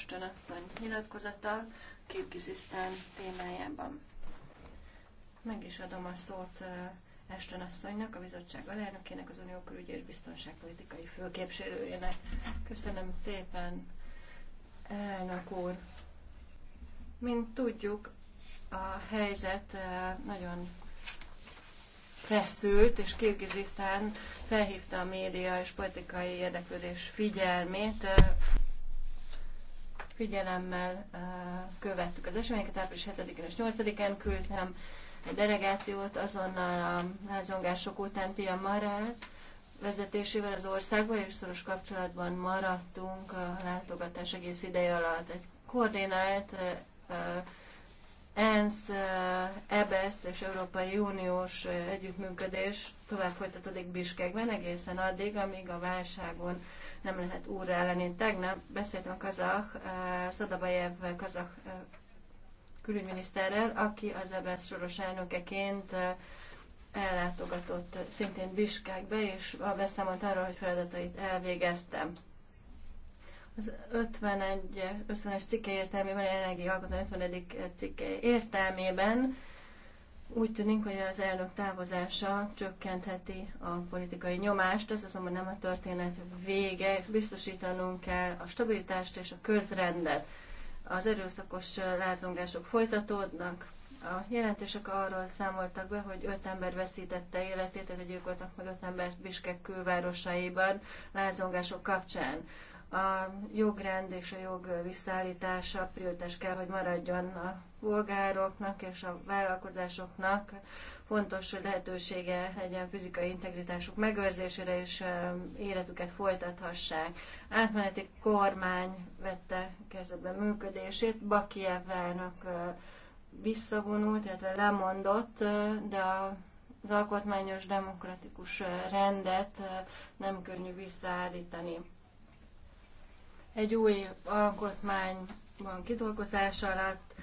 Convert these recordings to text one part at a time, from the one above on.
Eston asszony nyilatkozata Kirgizisztán témájában. Meg is adom a szót Eston asszonynak, a bizottság alelnökének, az Unió külügyi és biztonságpolitikai főképviselőjének. Köszönöm szépen, elnök úr. Mint tudjuk, a helyzet nagyon feszült, és Kirgizisztán felhívta a média és politikai érdeklődés figyelmét figyelemmel követtük az eseményeket, április 7-én és 8-án küldtem egy delegációt azonnal a házongások után Pia Marel vezetésével az országba, és szoros kapcsolatban maradtunk a látogatás egész ideje alatt. Egy koordinált ENSZ, eh, EBSZ és Európai Uniós eh, együttműködés tovább folytatódik Biskekben egészen addig, amíg a válságon nem lehet úrra elleni. Tegnap beszéltem a kazah, eh, Szadabajev kazah külügyminiszterrel, aki az EBSZ soros elnökeként ellátogatott szintén Biskekbe, és beszámolt arról, hogy feladatait elvégeztem az 51, 50-es cikke értelmében, a jelenlegi alkotmány 50. cikke értelmében úgy tűnik, hogy az elnök távozása csökkentheti a politikai nyomást, ez azonban nem a történet vége, biztosítanunk kell a stabilitást és a közrendet. Az erőszakos lázongások folytatódnak, a jelentések arról számoltak be, hogy öt ember veszítette életét, tehát gyilkoltak meg öt embert Biskek külvárosaiban lázongások kapcsán a jogrend és a jog visszaállítása prioritás kell, hogy maradjon a polgároknak és a vállalkozásoknak. Fontos, hogy lehetősége legyen fizikai integritásuk megőrzésére, és életüket folytathassák. Átmeneti kormány vette kezdetben működését, Bakiev elnök visszavonult, illetve lemondott, de a az alkotmányos demokratikus rendet nem könnyű visszaállítani egy új alkotmány, van kidolgozás alatt,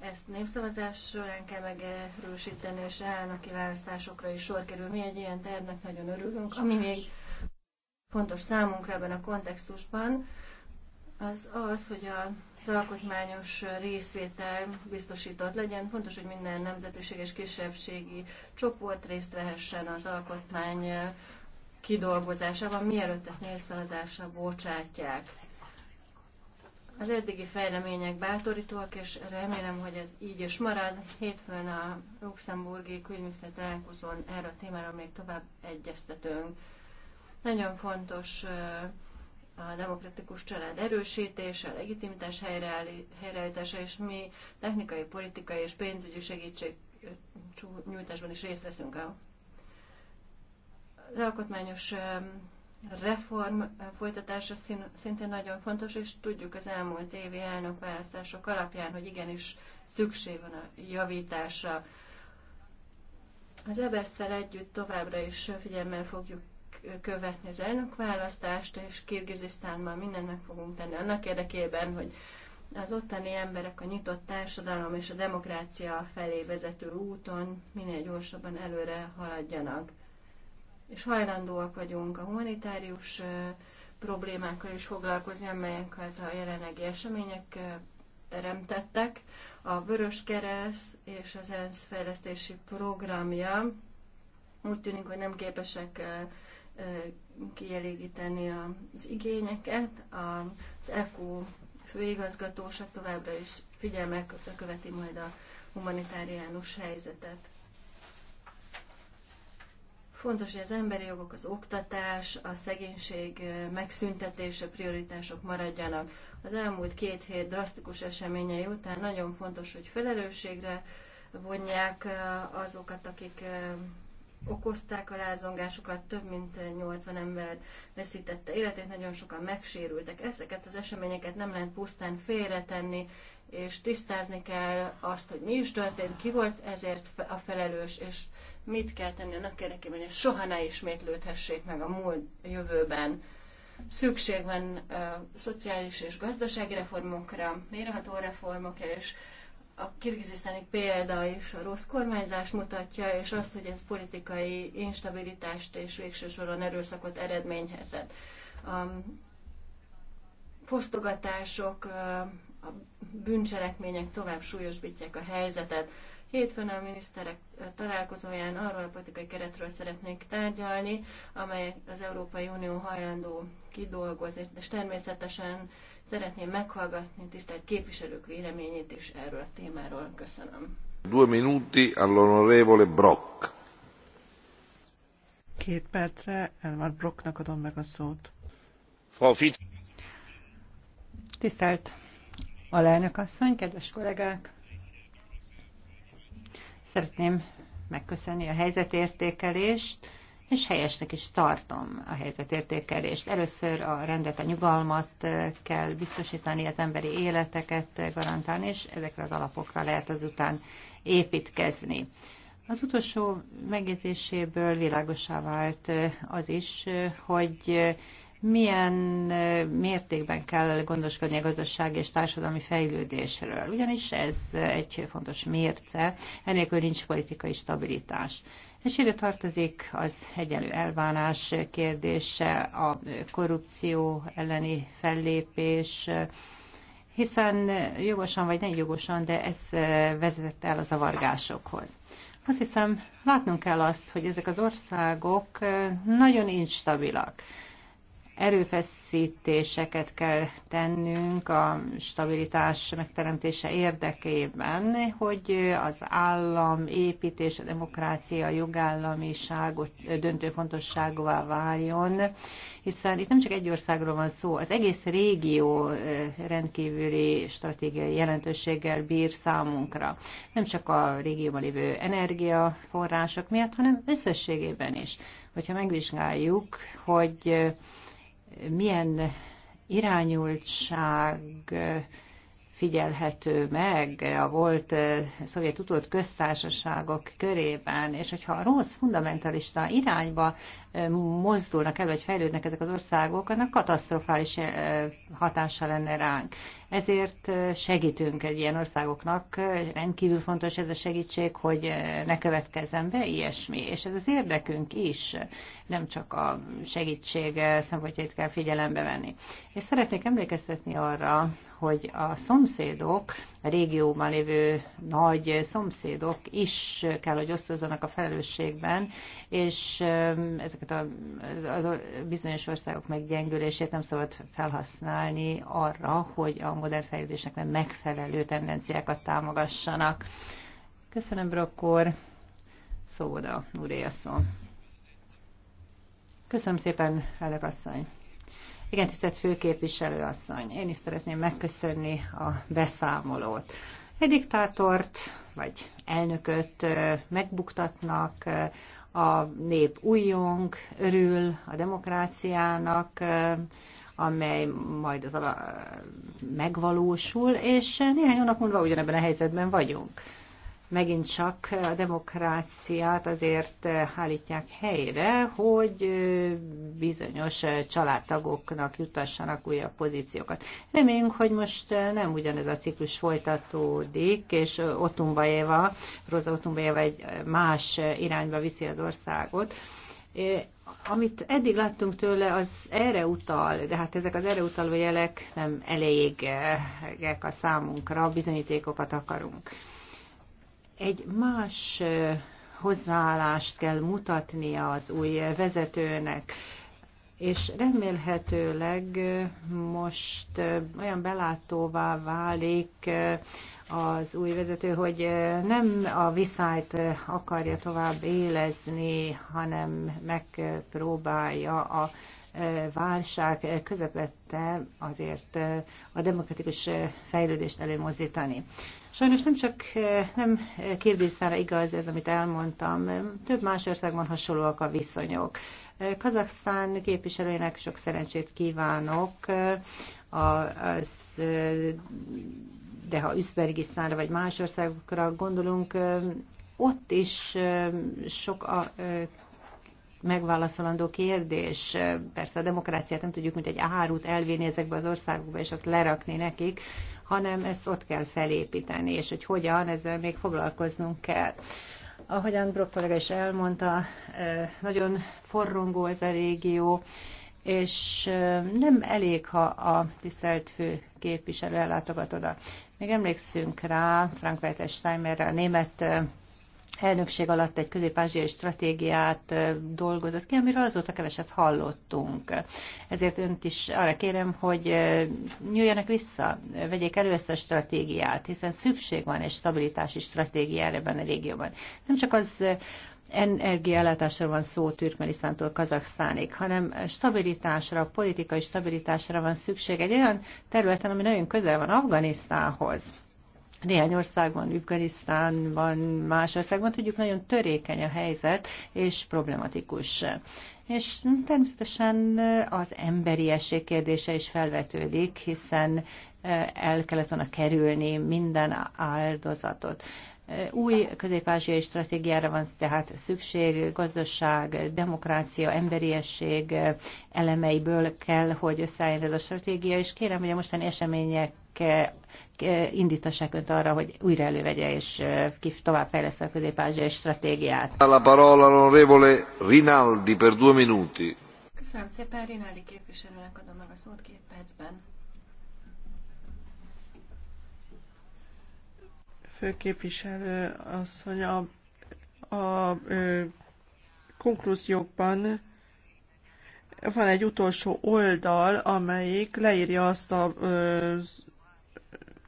ezt népszavazás során kell megerősíteni, és elnöki választásokra is sor kerül. Mi egy ilyen tervnek nagyon örülünk, ami még fontos számunkra ebben a kontextusban, az az, hogy a az alkotmányos részvétel biztosított legyen. Fontos, hogy minden nemzetiség és kisebbségi csoport részt vehessen az alkotmány kidolgozásában, mielőtt ezt népszavazásra bocsátják. Az eddigi fejlemények bátorítóak, és remélem, hogy ez így is marad. Hétfőn a luxemburgi külügyminiszter találkozón erre a témára még tovább egyeztetünk. Nagyon fontos a demokratikus család erősítése, a legitimitás helyreállítása, és mi technikai, politikai és pénzügyi segítség nyújtásban is részt veszünk a az alkotmányos reform folytatása szintén nagyon fontos, és tudjuk az elmúlt évi elnökválasztások alapján, hogy igenis szükség van a javításra. Az ebesszel együtt továbbra is figyelmel fogjuk követni az elnökválasztást, és Kirgizisztánban mindent meg fogunk tenni annak érdekében, hogy az ottani emberek a nyitott társadalom és a demokrácia felé vezető úton minél gyorsabban előre haladjanak és hajlandóak vagyunk a humanitárius problémákkal is foglalkozni, amelyeket a jelenlegi események teremtettek. A Vörös Kereszt és az ENSZ fejlesztési programja úgy tűnik, hogy nem képesek kielégíteni az igényeket. Az EKU főigazgatóság továbbra is figyelmek követi majd a humanitáriánus helyzetet. Fontos, hogy az emberi jogok, az oktatás, a szegénység megszüntetése prioritások maradjanak. Az elmúlt két hét drasztikus eseményei után nagyon fontos, hogy felelősségre vonják azokat, akik okozták a lázongásokat, több mint 80 ember veszítette életét, nagyon sokan megsérültek. Ezeket az eseményeket nem lehet pusztán félretenni, és tisztázni kell azt, hogy mi is történt, ki volt ezért a felelős, és mit kell tenni annak érdekében, hogy soha ne ismétlődhessék meg a múlt jövőben. Szükség van uh, szociális és gazdasági reformokra, mérható reformokra, és a kirgizisztáni példa is a rossz kormányzást mutatja, és azt, hogy ez politikai instabilitást és végső soron erőszakot eredményhezett. A fosztogatások, a bűncselekmények tovább súlyosbítják a helyzetet. Hétfőn a miniszterek találkozóján arról a politikai keretről szeretnék tárgyalni, amely az Európai Unió hajlandó kidolgozni, és természetesen szeretném meghallgatni tisztelt képviselők véleményét is erről a témáról. Köszönöm. Due minuti all'onorevole Brock. Két percre Elmar Brocknak adom meg a szót. Frau Viz. Tisztelt alelnök asszony, kedves kollégák! Szeretném megköszönni a helyzetértékelést, és helyesnek is tartom a helyzetértékelést. Először a rendet, a nyugalmat kell biztosítani, az emberi életeket garantálni, és ezekre az alapokra lehet azután építkezni. Az utolsó megjegyzéséből világosá vált az is, hogy milyen mértékben kell gondoskodni a gazdaság és társadalmi fejlődésről. Ugyanis ez egy fontos mérce, enélkül nincs politikai stabilitás. És ide tartozik az egyenlő elvánás kérdése, a korrupció elleni fellépés, hiszen jogosan vagy nem jogosan, de ez vezetett el a zavargásokhoz. Azt hiszem, látnunk kell azt, hogy ezek az országok nagyon instabilak erőfeszítéseket kell tennünk a stabilitás megteremtése érdekében, hogy az állam építés, a demokrácia, a jogállamiság döntő fontosságúvá váljon, hiszen itt nem csak egy országról van szó, az egész régió rendkívüli stratégiai jelentőséggel bír számunkra. Nem csak a régióban lévő energiaforrások miatt, hanem összességében is. Hogyha megvizsgáljuk, hogy milyen irányultság figyelhető meg a volt eh, szovjet utolt köztársaságok körében, és hogyha a rossz fundamentalista irányba mozdulnak el, vagy fejlődnek ezek az országok, annak katasztrofális eh, hatása lenne ránk. Ezért eh, segítünk egy ilyen országoknak, rendkívül fontos ez a segítség, hogy eh, ne következzen be ilyesmi, és ez az érdekünk is, nem csak a segítség szempontjait kell figyelembe venni. És szeretnék emlékeztetni arra, hogy a szomszédok régióban lévő nagy szomszédok is kell, hogy osztozzanak a felelősségben, és ezeket a, a bizonyos országok meggyengülését nem szabad felhasználni arra, hogy a modern fejlődésnek nem megfelelő tendenciákat támogassanak. Köszönöm, Brokkor. Szóda, úré Köszönöm szépen, elnök asszony. Igen, tisztelt főképviselő asszony, én is szeretném megköszönni a beszámolót. Egy diktátort vagy elnököt megbuktatnak, a nép újjong, örül a demokráciának, amely majd az ala megvalósul, és néhány hónap múlva ugyanebben a helyzetben vagyunk megint csak a demokráciát azért hálítják eh, helyre, hogy eh, bizonyos eh, családtagoknak jutassanak újabb pozíciókat. Reméljünk, hogy most nem ugyanez a ciklus folytatódik, és Róza Rosa Éva egy más irányba viszi az országot. Amit eddig láttunk tőle, az erre utal, de hát ezek az erre utaló jelek nem elégek a számunkra, bizonyítékokat akarunk egy más hozzáállást kell mutatnia az új vezetőnek, és remélhetőleg most olyan belátóvá válik az új vezető, hogy nem a viszályt akarja tovább élezni, hanem megpróbálja a válság közepette azért eh, a demokratikus eh, fejlődést előmozdítani. Sajnos nem csak eh, nem kérdésszára igaz ez, amit elmondtam, több más országban hasonlóak a viszonyok. Kazaksztán képviselőjének sok szerencsét kívánok. Az, de ha Üszbergisztánra vagy más országokra gondolunk, ott is sok a megválaszolandó kérdés. Persze a demokráciát nem tudjuk, mint egy árut elvinni ezekbe az országokba, és ott lerakni nekik, hanem ezt ott kell felépíteni, és hogy hogyan, ezzel még foglalkoznunk kell. Ahogyan Brock kollega is elmondta, nagyon forrongó ez a régió, és nem elég, ha a tisztelt fő képviselő ellátogat oda. Még emlékszünk rá, Frank Walter Steinmeier a német elnökség alatt egy közép-ázsiai stratégiát dolgozott ki, amiről azóta keveset hallottunk. Ezért önt is arra kérem, hogy nyúljanak vissza, vegyék elő ezt a stratégiát, hiszen szükség van egy stabilitási stratégiára ebben a régióban. Nem csak az energiállátásra van szó Türkmenisztántól Kazaksztánig, hanem stabilitásra, politikai stabilitásra van szükség egy olyan területen, ami nagyon közel van Afganisztánhoz néhány országban, Afganisztánban, más országban tudjuk, nagyon törékeny a helyzet, és problematikus. És természetesen az emberiesség kérdése is felvetődik, hiszen e, el kellett volna kerülni minden áldozatot. E, új közép-ázsiai stratégiára van tehát szükség, gazdaság, demokrácia, emberiesség e, elemeiből kell, hogy összeálljon ez a stratégia, és kérem, hogy a mostani események indítassák önt arra, hogy újra elővegye és továbbfejleszte a közép-ázsiai stratégiát. La parola l'onorevole Rinaldi per due minuti. Köszönöm szépen, Rinaldi képviselőnek adom meg a szót két percben. Főképviselő asszony, a, a ö, konklúziókban van egy utolsó oldal, amelyik leírja azt a, az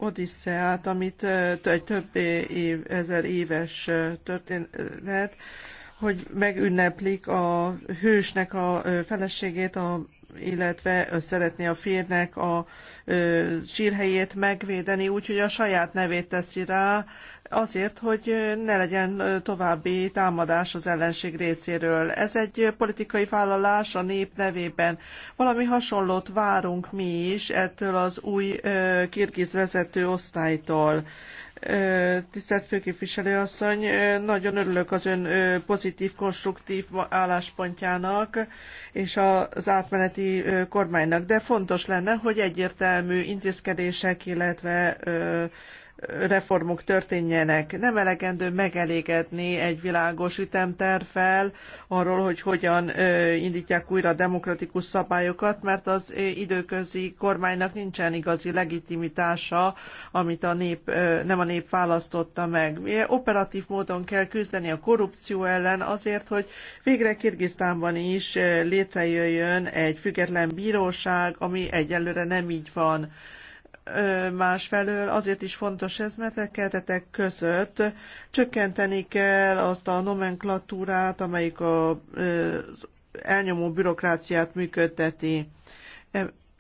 Odisseát, amit egy több év, ezer éves történet, hogy megünneplik a hősnek a feleségét, a illetve szeretné a férnek a sírhelyét megvédeni, úgyhogy a saját nevét teszi rá, azért, hogy ne legyen további támadás az ellenség részéről. Ez egy politikai vállalás a nép nevében. Valami hasonlót várunk mi is ettől az új kirgiz vezető osztálytól Tisztelt főképviselő asszony, nagyon örülök az ön pozitív, konstruktív álláspontjának és az átmeneti kormánynak, de fontos lenne, hogy egyértelmű intézkedések, illetve reformok történjenek. Nem elegendő megelégedni egy világos ütemtervvel arról, hogy hogyan indítják újra demokratikus szabályokat, mert az időközi kormánynak nincsen igazi legitimitása, amit a nép, nem a nép választotta meg. Operatív módon kell küzdeni a korrupció ellen azért, hogy végre Kirgisztánban is létrejöjjön egy független bíróság, ami egyelőre nem így van másfelől azért is fontos ez, mert a keretek között csökkenteni kell azt a nomenklatúrát, amelyik az elnyomó bürokráciát működteti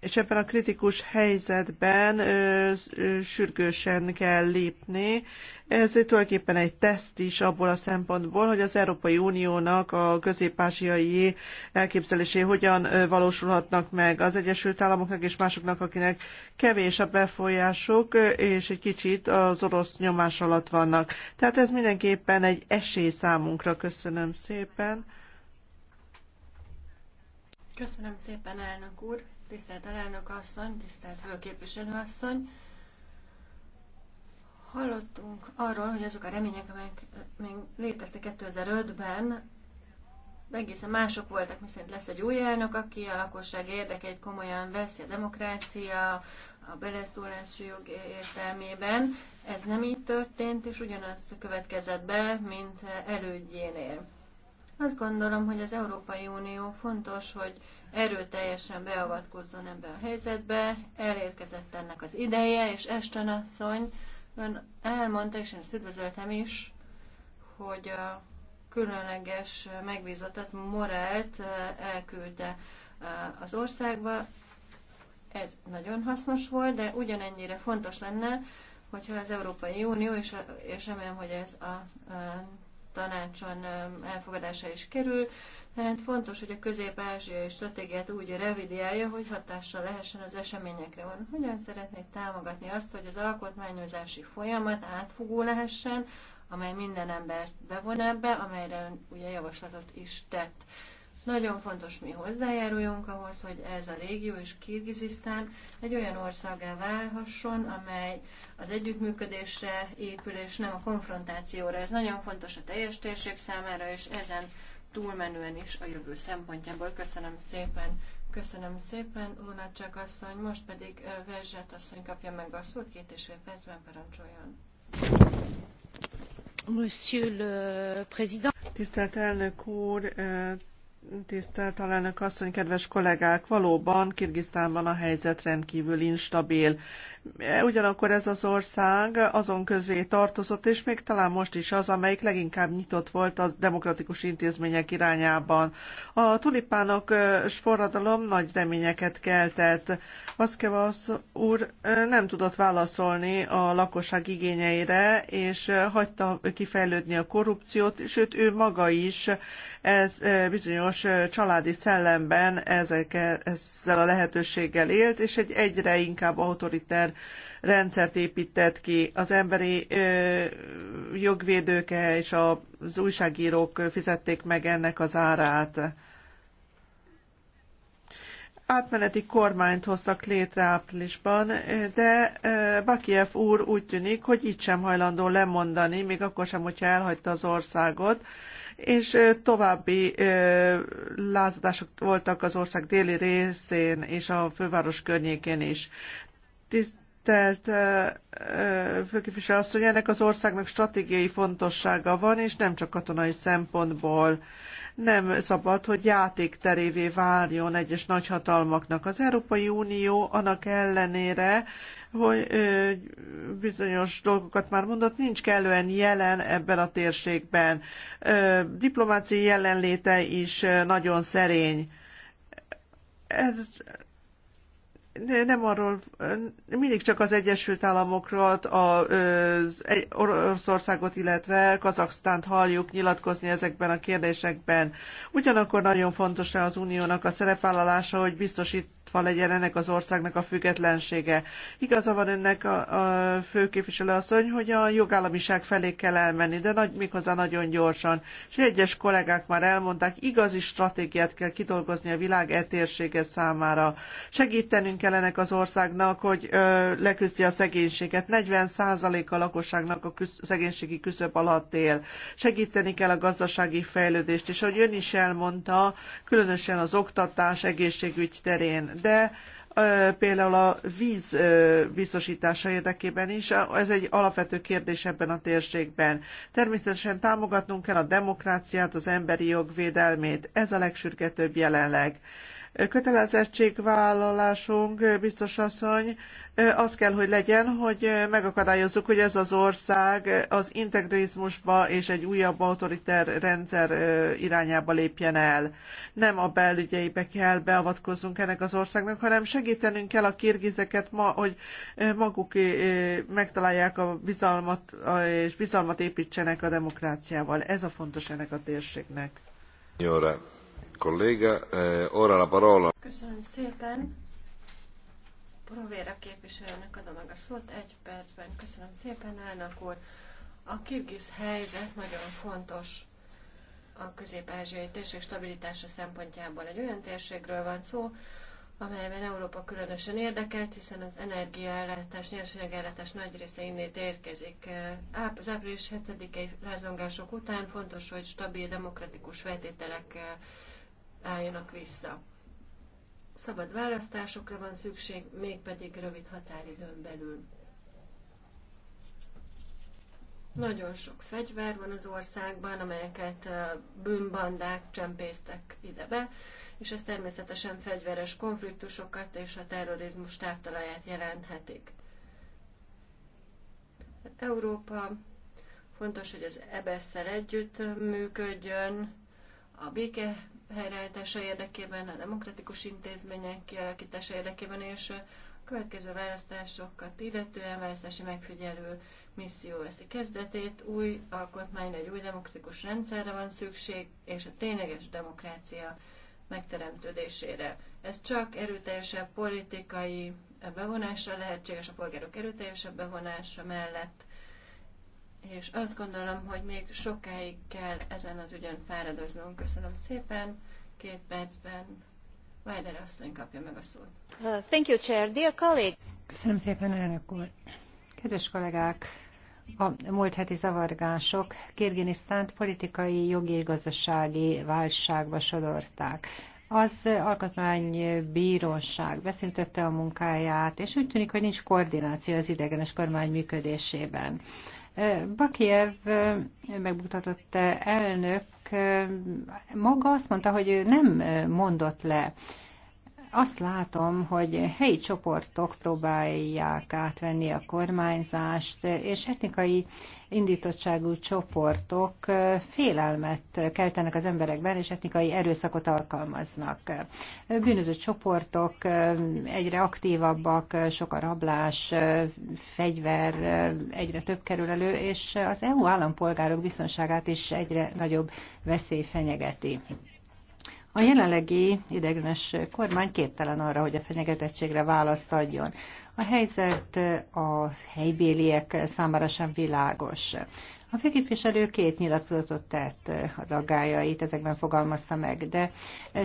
és ebben a kritikus helyzetben ö, ö, sürgősen kell lépni. Ez tulajdonképpen egy teszt is abból a szempontból, hogy az Európai Uniónak a közép-ázsiai elképzelésé hogyan valósulhatnak meg az Egyesült Államoknak és másoknak, akinek kevés a befolyásuk, és egy kicsit az orosz nyomás alatt vannak. Tehát ez mindenképpen egy esély számunkra. Köszönöm szépen. Köszönöm szépen, elnök úr. Tisztelt Alelnök asszony, tisztelt Főképviselő asszony. Hallottunk arról, hogy azok a remények, amelyek még léteztek 2005-ben, egészen mások voltak, miszerint lesz egy új elnök, aki a lakosság érdekeit komolyan veszi, a demokrácia, a beleszólási jog értelmében. Ez nem így történt, és ugyanaz következett be, mint elődjénél. Azt gondolom, hogy az Európai Unió fontos, hogy erőteljesen beavatkozzon ebbe a helyzetbe. Elérkezett ennek az ideje, és a asszony ön elmondta, és én ezt üdvözöltem is, hogy a különleges megbízottat, morált elküldte az országba. Ez nagyon hasznos volt, de ugyanennyire fontos lenne, hogyha az Európai Unió, és, és remélem, hogy ez a, a tanácson elfogadása is kerül, tehát fontos, hogy a közép-ázsiai stratégiát úgy revidiálja, hogy hatással lehessen az eseményekre. Van. Hogyan szeretnék támogatni azt, hogy az alkotmányozási folyamat átfogó lehessen, amely minden embert bevon ebbe, amelyre ön ugye javaslatot is tett. Nagyon fontos mi hozzájáruljunk ahhoz, hogy ez a régió és Kirgizisztán egy olyan országá válhasson, amely az együttműködésre épül, és nem a konfrontációra. Ez nagyon fontos a teljes térség számára, és ezen túlmenően is a jövő szempontjából. Köszönöm szépen! Köszönöm szépen, Lunácsák asszony, most pedig Verzsát asszony kapja meg a szót, két és fél percben parancsoljon. Monsieur le Président. Tisztelt elnök úr, Tisztelt alelnök asszony, kedves kollégák! Valóban Kirgisztánban a helyzet rendkívül instabil. Ugyanakkor ez az ország azon közé tartozott, és még talán most is az, amelyik leginkább nyitott volt a demokratikus intézmények irányában. A tulipánok forradalom nagy reményeket keltett. Vaszkevasz úr nem tudott válaszolni a lakosság igényeire, és hagyta kifejlődni a korrupciót, sőt ő maga is ez bizonyos családi szellemben ezek, ezzel a lehetőséggel élt, és egy egyre inkább autoriter rendszert épített ki. Az emberi jogvédőke és az újságírók fizették meg ennek az árát átmeneti kormányt hoztak létre áprilisban, de Bakiev úr úgy tűnik, hogy itt sem hajlandó lemondani, még akkor sem, hogyha elhagyta az országot, és további lázadások voltak az ország déli részén és a főváros környékén is tisztelt főképviselő asszony, ennek az országnak stratégiai fontossága van, és nem csak katonai szempontból. Nem szabad, hogy játékterévé váljon egyes nagyhatalmaknak. Az Európai Unió annak ellenére, hogy ö, bizonyos dolgokat már mondott, nincs kellően jelen ebben a térségben. Ö, diplomáciai jelenléte is nagyon szerény. Ez, nem arról, mindig csak az Egyesült államokról, az Oroszországot, illetve Kazaksztánt halljuk nyilatkozni ezekben a kérdésekben. Ugyanakkor nagyon fontos az uniónak a szerepvállalása, hogy biztosít tartva legyen ennek az országnak a függetlensége. Igaza van önnek a, a főképviselő asszony, hogy a jogállamiság felé kell elmenni, de nagy, méghozzá nagyon gyorsan. És egyes kollégák már elmondták, igazi stratégiát kell kidolgozni a világ etérsége számára. Segítenünk kell ennek az országnak, hogy ö, leküzdje a szegénységet. 40% a lakosságnak a küsz, szegénységi küszöb alatt él. Segíteni kell a gazdasági fejlődést, és ahogy ön is elmondta, különösen az oktatás, egészségügy terén de például a víz biztosítása érdekében is, ez egy alapvető kérdés ebben a térségben. Természetesen támogatnunk kell a demokráciát, az emberi jog védelmét, ez a legsürgetőbb jelenleg kötelezettségvállalásunk, biztos asszony, az kell, hogy legyen, hogy megakadályozzuk, hogy ez az ország az integrizmusba és egy újabb autoriter rendszer irányába lépjen el. Nem a belügyeibe kell beavatkoznunk ennek az országnak, hanem segítenünk kell a kirgizeket, ma, hogy maguk megtalálják a bizalmat és bizalmat építsenek a demokráciával. Ez a fontos ennek a térségnek. Eh, ora la parola. Köszönöm szépen. Provera képviselőnek adom meg a szót egy percben. Köszönöm szépen, elnök úr. A kirgiz helyzet nagyon fontos a közép-ázsiai térség stabilitása szempontjából. Egy olyan térségről van szó, amelyben Európa különösen érdekelt, hiszen az energiaellátás, nyersanyagellátás nagy része innét érkezik. Az április 7-i lázongások után fontos, hogy stabil, demokratikus feltételek álljanak vissza. Szabad választásokra van szükség, mégpedig rövid határidőn belül. Nagyon sok fegyver van az országban, amelyeket bűnbandák csempésztek idebe, és ez természetesen fegyveres konfliktusokat és a terrorizmus táptalaját jelenthetik. Európa fontos, hogy az ebs e együtt működjön, a béke helyreállítása érdekében, a demokratikus intézmények kialakítása érdekében, és a következő választásokat illetően választási megfigyelő misszió veszi kezdetét, új alkotmány egy új demokratikus rendszerre van szükség, és a tényleges demokrácia megteremtődésére. Ez csak erőteljesebb politikai bevonásra lehetséges, a polgárok erőteljesebb bevonása mellett és azt gondolom, hogy még sokáig kell ezen az ügyön fáradoznunk. Köszönöm szépen, két percben Vajder asszony kapja meg a szót. Uh, thank you, Chair. Dear colleague. Köszönöm szépen, elnök úr. Kedves kollégák, a múlt heti zavargások Kirgizisztánt politikai, jogi és gazdasági válságba sodorták. Az alkotmánybíróság beszüntette a munkáját, és úgy tűnik, hogy nincs koordináció az idegenes kormány működésében. Bakiev megmutatott elnök maga azt mondta, hogy nem mondott le azt látom, hogy helyi csoportok próbálják átvenni a kormányzást, és etnikai indítottságú csoportok félelmet keltenek az emberekben, és etnikai erőszakot alkalmaznak. Bűnöző csoportok egyre aktívabbak, sok a rablás, fegyver egyre több kerül elő, és az EU állampolgárok biztonságát is egyre nagyobb veszély fenyegeti. A jelenlegi ideiglenes kormány képtelen arra, hogy a fenyegetettségre választ adjon. A helyzet a helybéliek számára sem világos. A főképviselő két nyilatkozatot tett az aggájait, ezekben fogalmazta meg, de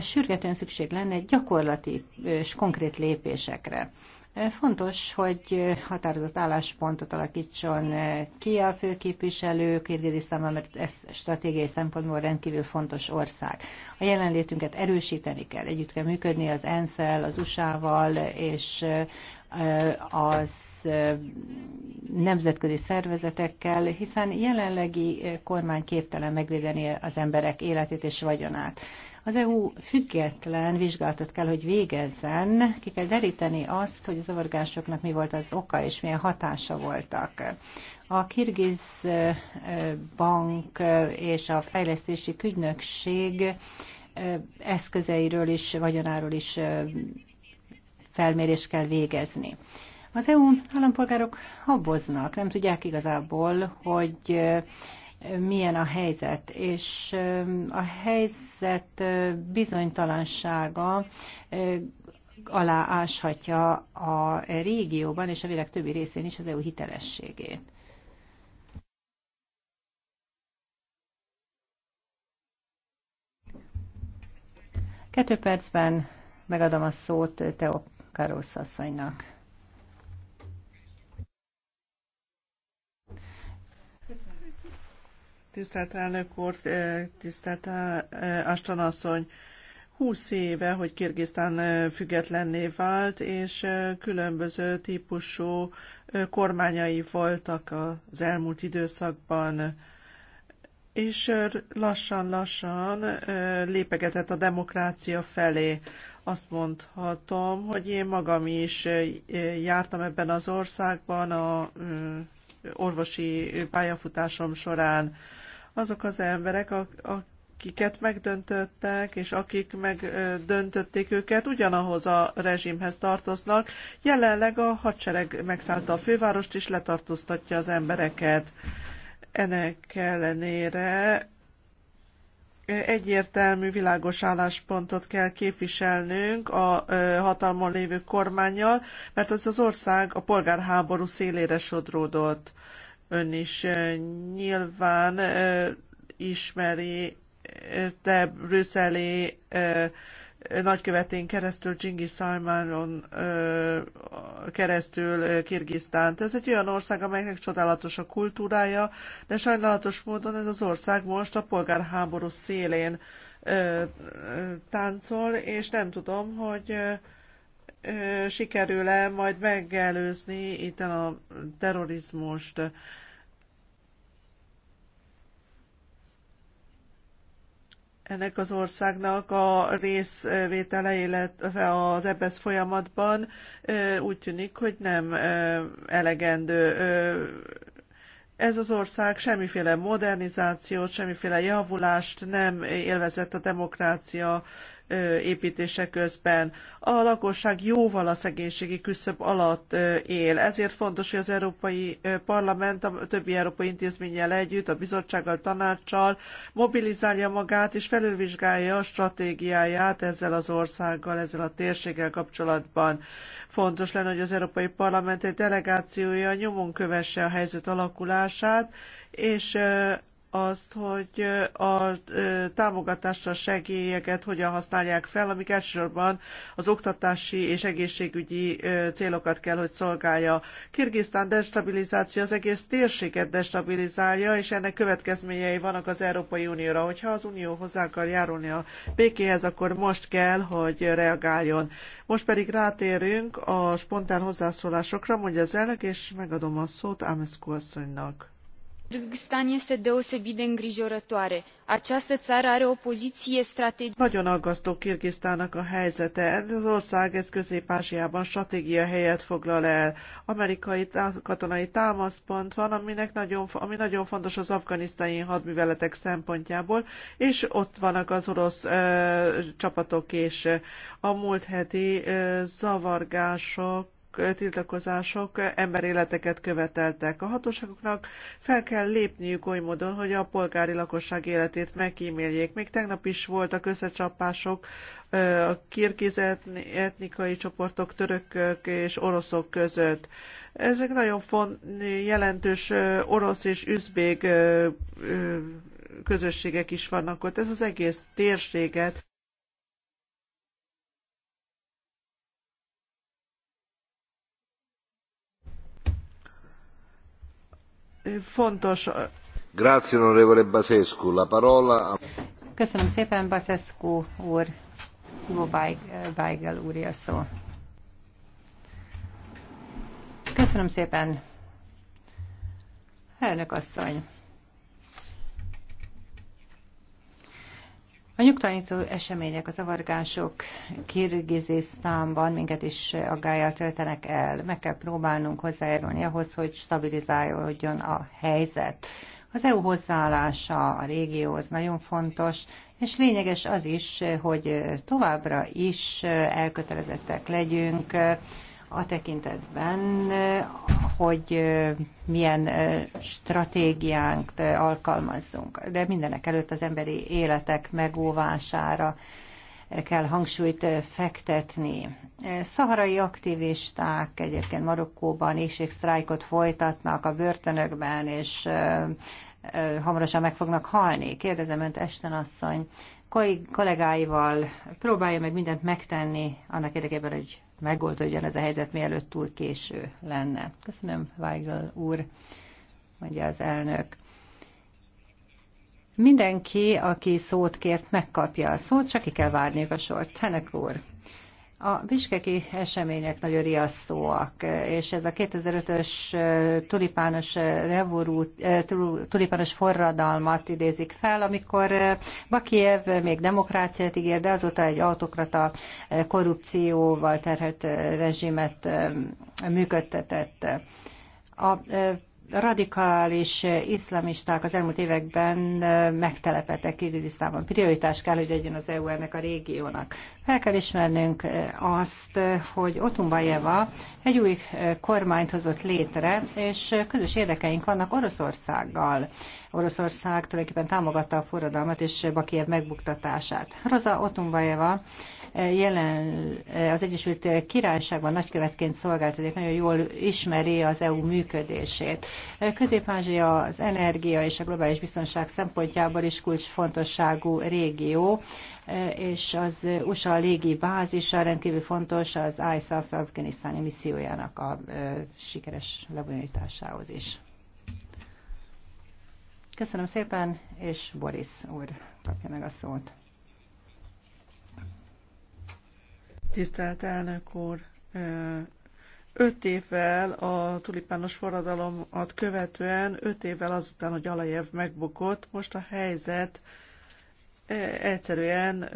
sürgetően szükség lenne gyakorlati és konkrét lépésekre. Fontos, hogy határozott álláspontot alakítson ki a főképviselő Kirgizisztánban, mert ez stratégiai szempontból rendkívül fontos ország. A jelenlétünket erősíteni kell, együtt kell működni az ensz az USA-val és az nemzetközi szervezetekkel, hiszen jelenlegi kormány képtelen megvédeni az emberek életét és vagyonát. Az EU független vizsgálatot kell, hogy végezzen, ki kell deríteni azt, hogy a zavargásoknak mi volt az oka és milyen hatása voltak. A Kirgiz Bank és a Fejlesztési Ügynökség eszközeiről is, vagyonáról is felmérést kell végezni. Az EU állampolgárok haboznak, nem tudják igazából, hogy milyen a helyzet, és a helyzet bizonytalansága alááshatja a régióban és a világ többi részén is az EU hitelességét. Kettő percben megadom a szót Teo Karósz asszonynak. Tisztelt elnök úr, eh, tisztelt eh, Aston asszony! 20 éve, hogy Kirgisztán eh, függetlenné vált, és különböző típusú kormányai voltak az elmúlt időszakban, és lassan-lassan lépegetett a demokrácia felé. Azt mondhatom, hogy én magam is jártam ebben az országban a mm, orvosi pályafutásom során azok az emberek, akiket megdöntöttek, és akik megdöntötték őket, ugyanahoz a rezsimhez tartoznak. Jelenleg a hadsereg megszállta a fővárost, és letartóztatja az embereket. Ennek ellenére egyértelmű, világos álláspontot kell képviselnünk a hatalmon lévő kormányjal, mert ez az ország a polgárháború szélére sodródott ön is nyilván ismeri, de brüsszeli nagykövetén keresztül, Dzsingi Szajmánon keresztül Kirgisztánt. Ez egy olyan ország, amelynek csodálatos a kultúrája, de sajnálatos módon ez az ország most a polgárháború szélén táncol, és nem tudom, hogy sikerül-e majd megelőzni itt a terrorizmust. ennek az országnak a részvétele, illetve az EBSZ e folyamatban úgy tűnik, hogy nem elegendő. Ez az ország semmiféle modernizációt, semmiféle javulást nem élvezett a demokrácia építése közben. A lakosság jóval a szegénységi küszöb alatt él, ezért fontos, hogy az Európai Parlament a többi európai intézménnyel együtt, a bizottsággal, tanácssal mobilizálja magát és felülvizsgálja a stratégiáját ezzel az országgal, ezzel a térséggel kapcsolatban. Fontos lenne, hogy az Európai Parlament egy delegációja nyomon kövesse a helyzet alakulását, és azt, hogy a támogatásra segélyeket hogyan használják fel, amik elsősorban az oktatási és egészségügyi célokat kell, hogy szolgálja. Kirgisztán destabilizáció az egész térséget destabilizálja, és ennek következményei vannak az Európai Unióra. Hogyha az Unió hozzá akar járulni a békéhez, akkor most kell, hogy reagáljon. Most pedig rátérünk a spontán hozzászólásokra, mondja az elnök, és megadom a szót Amescu asszonynak kârgâzstan este deosebit de îngrijorătoare această ară are o poziie strategică. nagyon aggasztó kirgisztánnak a helyzete ez az ország ez közép ázsiában stratégiai helyet foglal el amerikai katonai támaszpont van aminek nagyon, ami nagyon fontos az afganisztáni hadműveletek szempontjából és ott vannak az orosz ö, csapatok és a múlt heti ö, zavargások Eh, tiltakozások eh, emberéleteket követeltek. A hatóságoknak fel kell lépniük oly módon, hogy a polgári lakosság életét megkíméljék. Még tegnap is voltak összecsapások eh, a kirgiz etnikai csoportok, törökök és oroszok között. Ezek nagyon font, jelentős orosz és üzbég közösségek is vannak ott. Ez az egész térséget fontos. Grazie, onorevole Basescu. La parola... Köszönöm szépen, Basescu úr. Ivo Weigel úr a szó. Köszönöm szépen. Elnök asszony. A nyugtalanító események, a zavargások Kirgizisztánban minket is aggájjal töltenek el. Meg kell próbálnunk hozzájárulni ahhoz, hogy stabilizálódjon a helyzet. Az EU hozzáállása a régióhoz nagyon fontos, és lényeges az is, hogy továbbra is elkötelezettek legyünk a tekintetben, hogy milyen stratégiánkt alkalmazzunk. De mindenek előtt az emberi életek megóvására kell hangsúlyt fektetni. Szaharai aktivisták egyébként Marokkóban sztrájkot folytatnak a börtönökben, és hamarosan meg fognak halni. Kérdezem önt, Esten asszony, kollégáival próbálja meg mindent megtenni annak érdekében, hogy megoldódjon ez a helyzet, mielőtt túl késő lenne. Köszönöm, Weigel úr, mondja az elnök. Mindenki, aki szót kért, megkapja a szót, csak ki kell várniuk a sort. Henek úr. A biskeki események nagyon riasztóak, és ez a 2005-ös tulipános, revorú, tulipános forradalmat idézik fel, amikor Bakiev még demokráciát ígér, de azóta egy autokrata korrupcióval terhelt rezsimet működtetett. A radikális eh, iszlamisták az elmúlt években eh, megtelepedtek Kirgizisztánban. Prioritás kell, hogy legyen az EU ennek a régiónak. Fel kell ismernünk eh, azt, hogy Otumbajeva egy új kormányt hozott létre, és közös érdekeink vannak Oroszországgal. Oroszország tulajdonképpen támogatta a forradalmat és Bakiev megbuktatását. Roza Otumbajeva jelen az Egyesült Királyságban nagykövetként szolgált, ezért nagyon jól ismeri az EU működését. közép az energia és a globális biztonság szempontjából is kulcsfontosságú régió és az USA légi bázisa rendkívül fontos az ISAF afganisztáni missziójának a sikeres lebonyolításához is. Köszönöm szépen, és Boris úr kapja meg a szót. Tisztelt elnök úr! Öt évvel a tulipános forradalomat követően, öt évvel azután, hogy Alajev megbukott, most a helyzet egyszerűen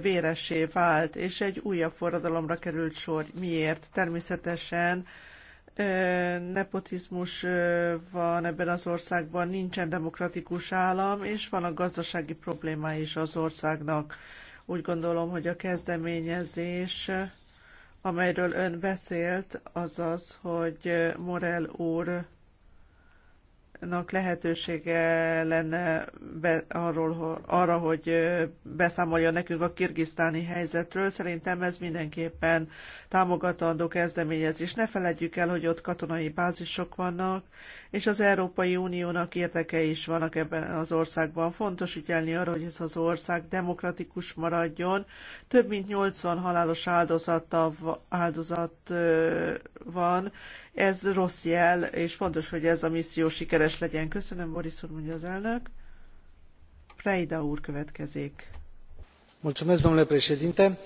véressé vált, és egy újabb forradalomra került sor. Miért? Természetesen nepotizmus van ebben az országban, nincsen demokratikus állam, és van a gazdasági problémái is az országnak úgy gondolom, hogy a kezdeményezés, amelyről ön beszélt, azaz, hogy Morel úr nak lehetősége lenne be, arról, arra, hogy beszámolja nekünk a kirgisztáni helyzetről. Szerintem ez mindenképpen támogatandó kezdeményezés. Ne feledjük el, hogy ott katonai bázisok vannak, és az Európai Uniónak érdeke is vannak ebben az országban. Fontos ügyelni arra, hogy ez az ország demokratikus maradjon. Több mint 80 halálos áldozata, áldozat van, ez rossz jel, és fontos, hogy ez a misszió sikeres legyen. Köszönöm, Boris úr, mondja az elnök. Freida úr következik. Mulțumesc, domnule președinte.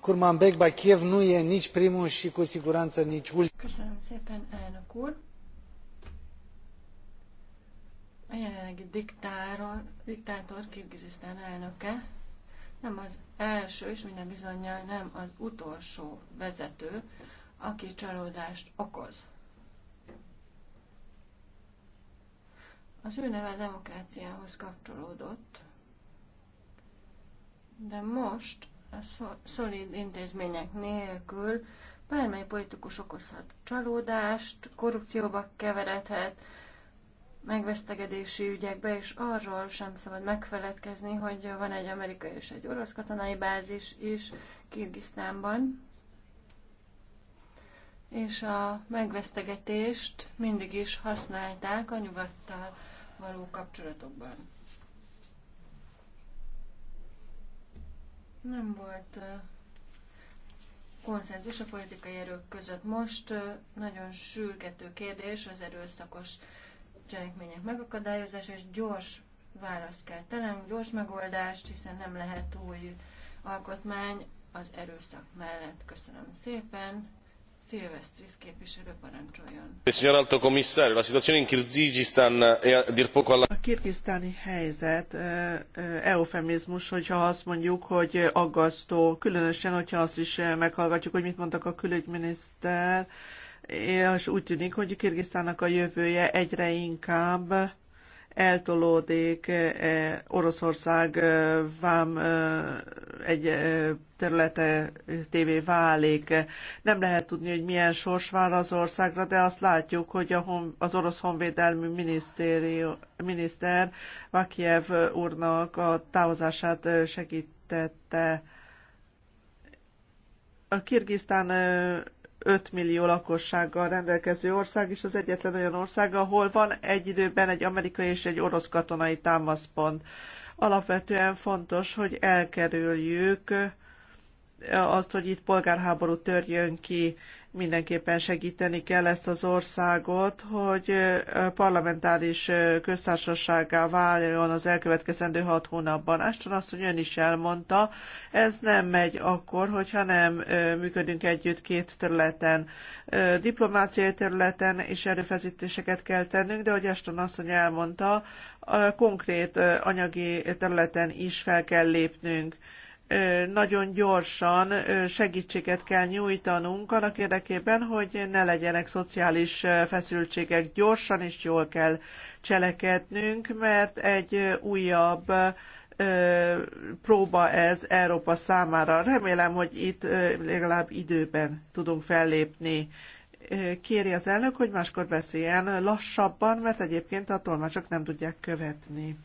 Kurmanbek Kiev nu e nici primul și cu siguranță nici ultimul. Köszönöm szépen, elnök úr. A jelenlegi diktáról, diktátor Kirgizisztán elnöke nem az első, és minden bizonyal nem az utolsó vezető, aki csalódást okoz. Az ő neve a demokráciához kapcsolódott, de most a szolid intézmények nélkül bármely politikus okozhat csalódást, korrupcióba keveredhet, megvesztegedési ügyekbe, és arról sem szabad megfeledkezni, hogy van egy amerikai és egy orosz katonai bázis is Kirgisztánban, és a megvesztegetést mindig is használták a nyugattal való kapcsolatokban. Nem volt konszenzus a politikai erők között. Most nagyon sürgető kérdés az erőszakos cselekmények megakadályozása, és gyors választ kell telen gyors megoldást, hiszen nem lehet új alkotmány az erőszak mellett. Köszönöm szépen! a dir A kirgisztáni helyzet eufemizmus, hogyha azt mondjuk, hogy aggasztó, különösen, hogyha azt is meghallgatjuk, hogy mit mondtak a külügyminiszter, és úgy tűnik, hogy Kirgisztánnak a jövője egyre inkább eltolódik e, Oroszország e, vám e, egy területe tévé válik. Nem lehet tudni, hogy milyen sors vár az országra, de azt látjuk, hogy a hon, az orosz honvédelmi minisztérió, miniszter Vakiev úrnak a távozását segítette. A Kirgisztán 5 millió lakossággal rendelkező ország, és az egyetlen olyan ország, ahol van egy időben egy amerikai és egy orosz katonai támaszpont. Alapvetően fontos, hogy elkerüljük azt, hogy itt polgárháború törjön ki mindenképpen segíteni kell ezt az országot, hogy parlamentális köztársasággá váljon az elkövetkezendő hat hónapban. Ashton azt, hogy ön is elmondta, ez nem megy akkor, hogyha nem működünk együtt két területen. Diplomáciai területen is erőfeszítéseket kell tennünk, de hogy Ashton hogy elmondta, konkrét anyagi területen is fel kell lépnünk nagyon gyorsan segítséget kell nyújtanunk annak érdekében, hogy ne legyenek szociális feszültségek. Gyorsan és jól kell cselekednünk, mert egy újabb próba ez Európa számára. Remélem, hogy itt legalább időben tudunk fellépni. Kéri az elnök, hogy máskor beszéljen lassabban, mert egyébként a tolmácsok nem tudják követni.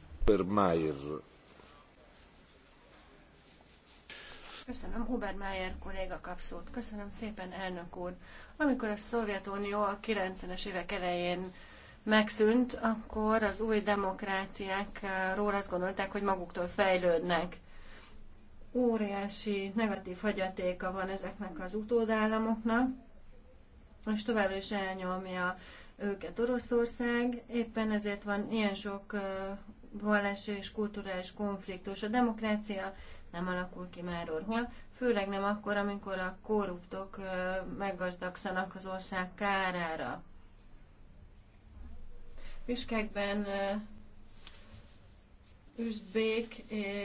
Köszönöm, Mayer kolléga kap szót. Köszönöm szépen, elnök úr. Amikor a Szovjetunió a 90-es évek elején megszűnt, akkor az új demokráciákról eh, azt gondolták, hogy maguktól fejlődnek. Óriási negatív hagyatéka van ezeknek az utódállamoknak, és továbbra is elnyomja őket Oroszország. Éppen ezért van ilyen sok eh, vallási és kulturális konfliktus. A demokrácia nem alakul ki már orhol, főleg nem akkor, amikor a korruptok meggazdagszanak az ország kárára. Biskekben üzbék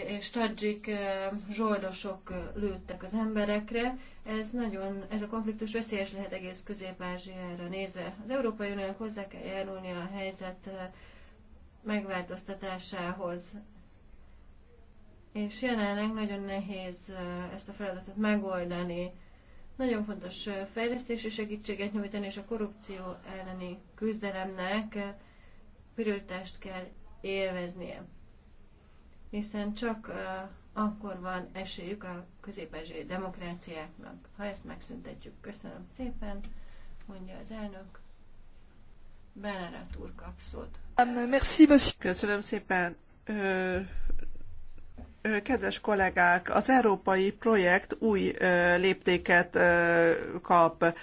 és tadzsik zsoldosok lőttek az emberekre. Ez, nagyon, ez a konfliktus veszélyes lehet egész Közép-Ázsiára nézve. Az Európai Uniónak hozzá kell járulni a helyzet megváltoztatásához és jelenleg nagyon nehéz eh, ezt a feladatot megoldani. Nagyon fontos eh, fejlesztési segítséget nyújtani, és a korrupció elleni küzdelemnek eh, prioritást kell élveznie, hiszen csak akkor van esélyük a közép demokráciáknak, ha ezt megszüntetjük. Köszönöm szépen, mondja az elnök. Benerat úr kap szót. Um, Köszönöm szépen. Kedves kollégák, az európai projekt új léptéket kap.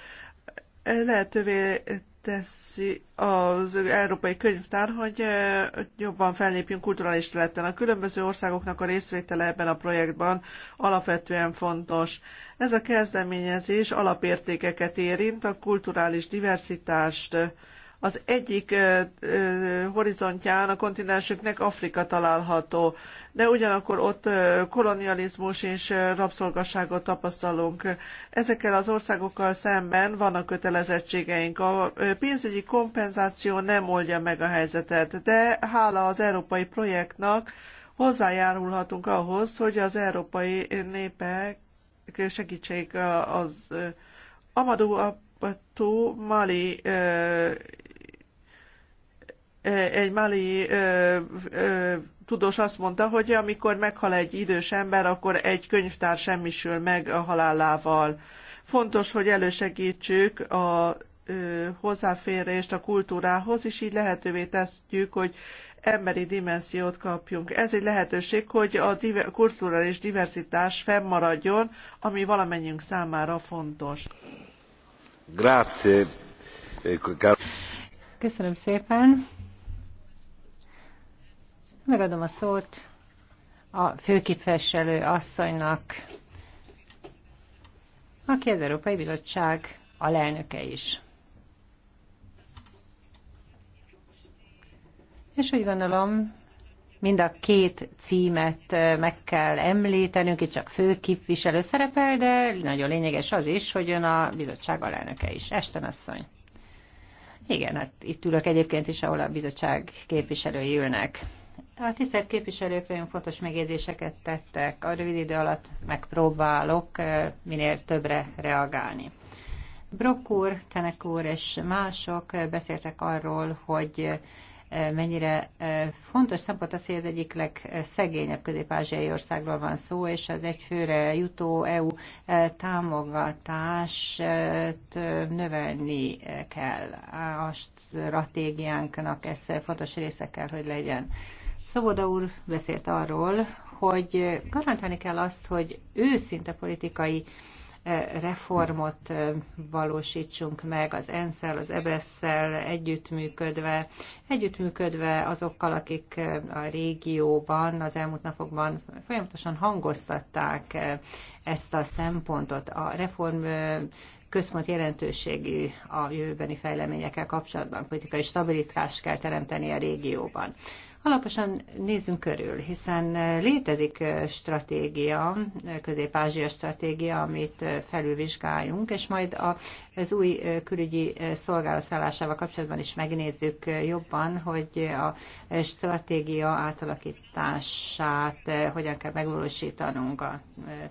Lehetővé teszi az Európai Könyvtár, hogy jobban fellépjünk kulturális területen. A különböző országoknak a részvétele ebben a projektben alapvetően fontos. Ez a kezdeményezés alapértékeket érint, a kulturális diversitást, az egyik horizontján a kontinensünknek Afrika található, de ugyanakkor ott kolonializmus és rabszolgasságot tapasztalunk. Ezekkel az országokkal szemben vannak kötelezettségeink. A pénzügyi kompenzáció nem oldja meg a helyzetet, de hála az európai projektnak hozzájárulhatunk ahhoz, hogy az európai népek segítsék az Amadou Apatou Mali egy mali ö, ö, tudós azt mondta, hogy amikor meghal egy idős ember, akkor egy könyvtár semmisül meg a halálával. Fontos, hogy elősegítsük a ö, hozzáférést a kultúrához, és így lehetővé tesztjük, hogy emberi dimenziót kapjunk. Ez egy lehetőség, hogy a diver- kulturális diversitás fennmaradjon, ami valamennyünk számára fontos. Grazie. Köszönöm szépen. Megadom a szót a főképviselő asszonynak, aki az Európai Bizottság alelnöke is. És úgy gondolom, mind a két címet meg kell említenünk, itt csak főképviselő szerepel, de nagyon lényeges az is, hogy ön a bizottság alelnöke is. Esten asszony. Igen, hát itt ülök egyébként is, ahol a bizottság képviselői ülnek. A tisztelt képviselők nagyon fontos megjegyzéseket tettek. A rövid idő alatt megpróbálok minél többre reagálni. Brock úr, Tenek úr és mások beszéltek arról, hogy mennyire fontos szempont az, hogy az egyik legszegényebb közép-ázsiai országról van szó, és az egyfőre jutó EU támogatást növelni kell. A stratégiánknak ez fontos része kell, hogy legyen. Szoboda úr beszélt arról, hogy garantálni kell azt, hogy őszinte politikai eh, reformot eh, valósítsunk meg az ENSZ-el, az ebs együttműködve, együttműködve azokkal, akik eh, a régióban az elmúlt napokban folyamatosan hangoztatták ezt a szempontot. A reform központ jelentőségű a jövőbeni fejleményekkel kapcsolatban, politikai stabilitást kell teremteni a régióban. Alaposan nézzünk körül, hiszen létezik stratégia, közép-ázsia stratégia, amit felülvizsgáljunk, és majd az új külügyi szolgálat felállásával kapcsolatban is megnézzük jobban, hogy a stratégia átalakítását hogyan kell megvalósítanunk a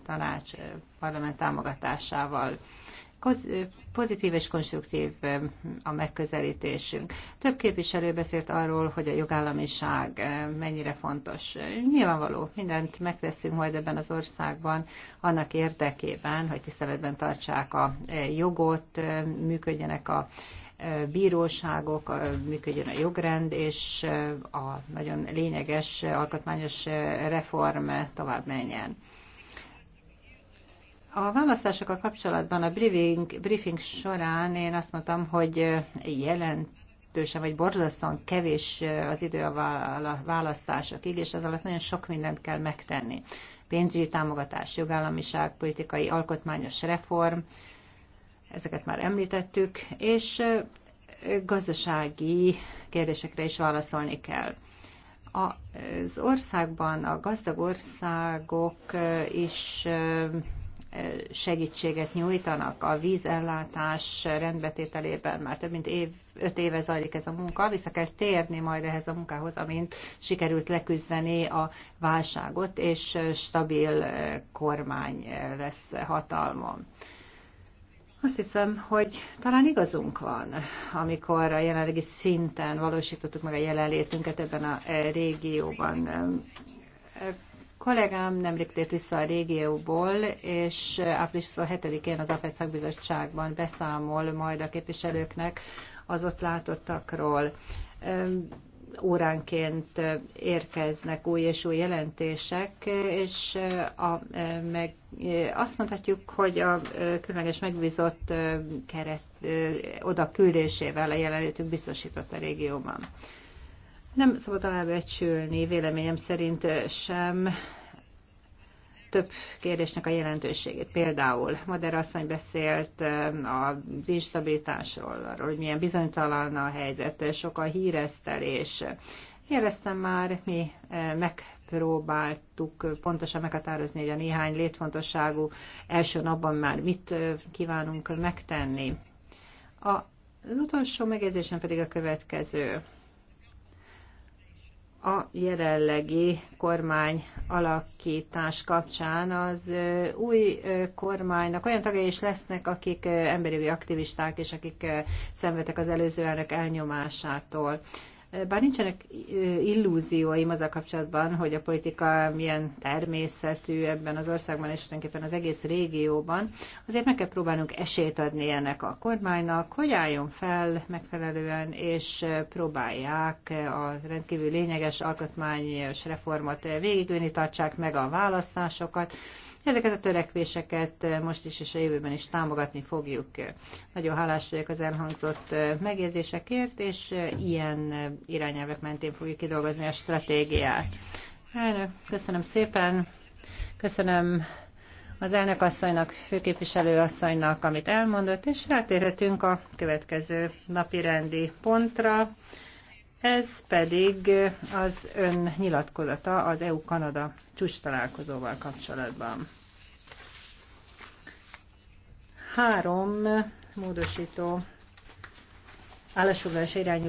tanács parlament támogatásával pozitív és konstruktív a megközelítésünk. Több képviselő beszélt arról, hogy a jogállamiság mennyire fontos. Nyilvánvaló, mindent megteszünk majd ebben az országban annak érdekében, hogy tiszteletben tartsák a e, jogot, működjenek a e, bíróságok, működjön a jogrend, és e, a nagyon lényeges alkotmányos reform tovább menjen. A választásokkal kapcsolatban a briefing, briefing során én azt mondtam, hogy jelent jelentősen, vagy borzasztóan kevés az idő a választásokig, és az alatt nagyon sok mindent kell megtenni. Pénzügyi támogatás, jogállamiság, politikai, alkotmányos reform, ezeket már említettük, és gazdasági kérdésekre is válaszolni kell. Az országban a gazdag országok is segítséget nyújtanak a vízellátás rendbetételében. Már több mint év, öt éve zajlik ez a munka, vissza kell térni majd ehhez a munkához, amint sikerült leküzdeni a válságot, és stabil kormány lesz hatalmon. Azt hiszem, hogy talán igazunk van, amikor a jelenlegi szinten valósítottuk meg a jelenlétünket ebben a régióban kollégám nemrég tért vissza a régióból, és április 27-én az APEC szakbizottságban beszámol majd a képviselőknek az ott látottakról. Óránként érkeznek új és új jelentések, és a, meg, azt mondhatjuk, hogy a különleges megbízott keret oda küldésével a jelenlétük biztosított a régióban. Nem szabad alábecsülni véleményem szerint sem több kérdésnek a jelentőségét. Például Mader asszony beszélt az instabilitásról, arról, hogy milyen bizonytalan a helyzet, sok a híresztelés. Éreztem már, mi megpróbáltuk pontosan meghatározni, hogy a néhány létfontosságú első napban már mit kívánunk megtenni. A, az utolsó megjegyzésem pedig a következő a jelenlegi kormány alakítás kapcsán az új kormánynak olyan tagjai is lesznek, akik emberi aktivisták és akik szenvedtek az előző elnök elnyomásától. Bár nincsenek illúzióim azzal kapcsolatban, hogy a politika milyen természetű ebben az országban és tulajdonképpen az egész régióban, azért meg kell próbálnunk esélyt adni ennek a kormánynak, hogy álljon fel megfelelően, és próbálják a rendkívül lényeges alkotmányos reformot végigvinni, tartsák meg a választásokat, Ezeket a törekvéseket eh, most is és a jövőben is támogatni fogjuk. Nagyon hálás vagyok az elhangzott eh, megjegyzésekért, és eh, ilyen irányelvek mentén fogjuk kidolgozni a stratégiát. Elnök, köszönöm szépen. Köszönöm az elnök asszonynak, főképviselő asszonynak, amit elmondott, és rátérhetünk a következő napi rendi pontra. Ez pedig az ön nyilatkozata az EU-Kanada csúcs találkozóval kapcsolatban. Három módosító állásfoglalás irányú